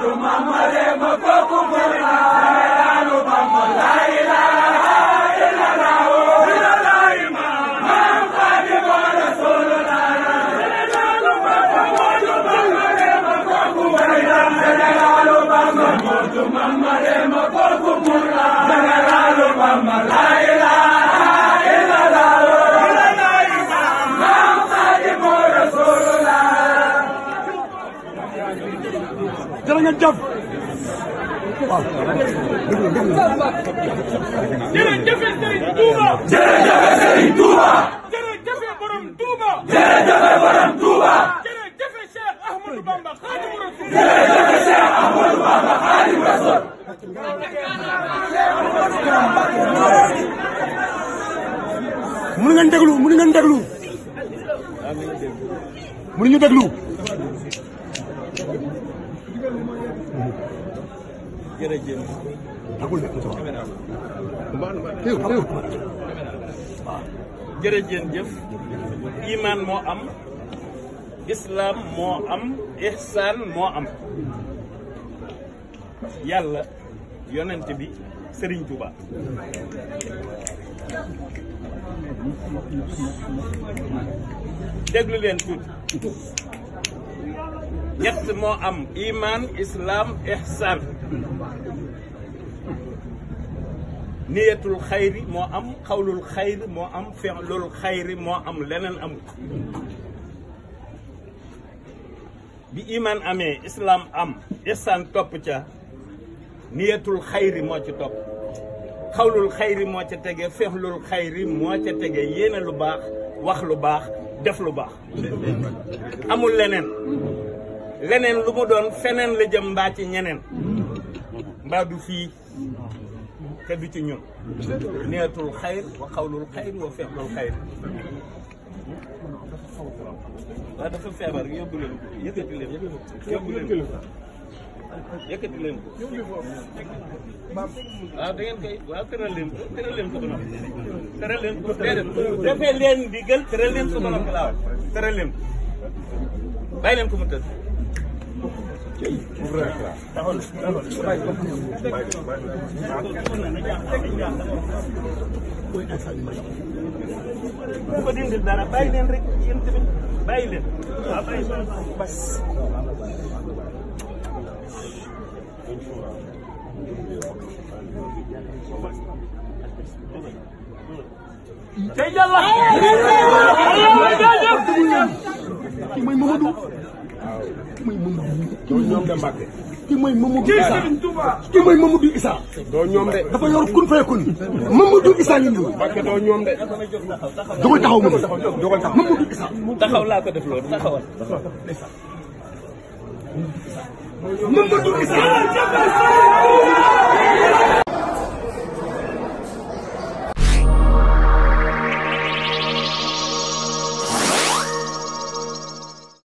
du ma ma jërë ngeen jëf waaw jërëjëf Serigne Touba jërëjëf Serigne Touba jërëjëf borom Touba jërëjëf borom Touba jërëjëf Cheikh Ahmadou Bamba Khadimu Rasul jërëjëf Cheikh déglu mun jërëjëf. jërëjëf imaan moo am islaam moo am ihsaan moo am yàlla yonent bi Sëriñ Tuuba déglu leen tuuti ñett moo am iman islam ihsan niyatul xayri moo am xawlul xayri moo am fi'lul xayri moo am leneen amut bi imaan amee islaam am ihsan topp ca niyatul xayri moo ci topp xawlul xayri moo ca tege fi'lul xayri moo ca tege yéene lu baax wax lu baax def lu baax amul leneen leneen lu mu doon feneen la jëm mbaa ci ñeneen mbaa du fii te du ci ñun niyatul xayr wa xawlul xayr wa fi'lul xayr waaw dafa feebar yóbbu leen yëkkati leen yóbbu leen yëkkati leen ko waaw da leen ko tëral bu ko dindil dara bàyyi leen rek yéen tamit bàyyi leen waaw bàyyi leen bas. tey jàll la. mooy Mamadou. ki mooy Mamadou doo ñoom de Mbacke ki mooy Mamadou Issa ki mooy Mamadou Issa doo ñoom de dafa yor kun fay kun Mamadou Issa ngi ñëw Mbacke doo ñoom de dogal taxaw ma dogal taxaw Mamadou Issa taxaw laa ko def loolu taxawal Mamadou Issa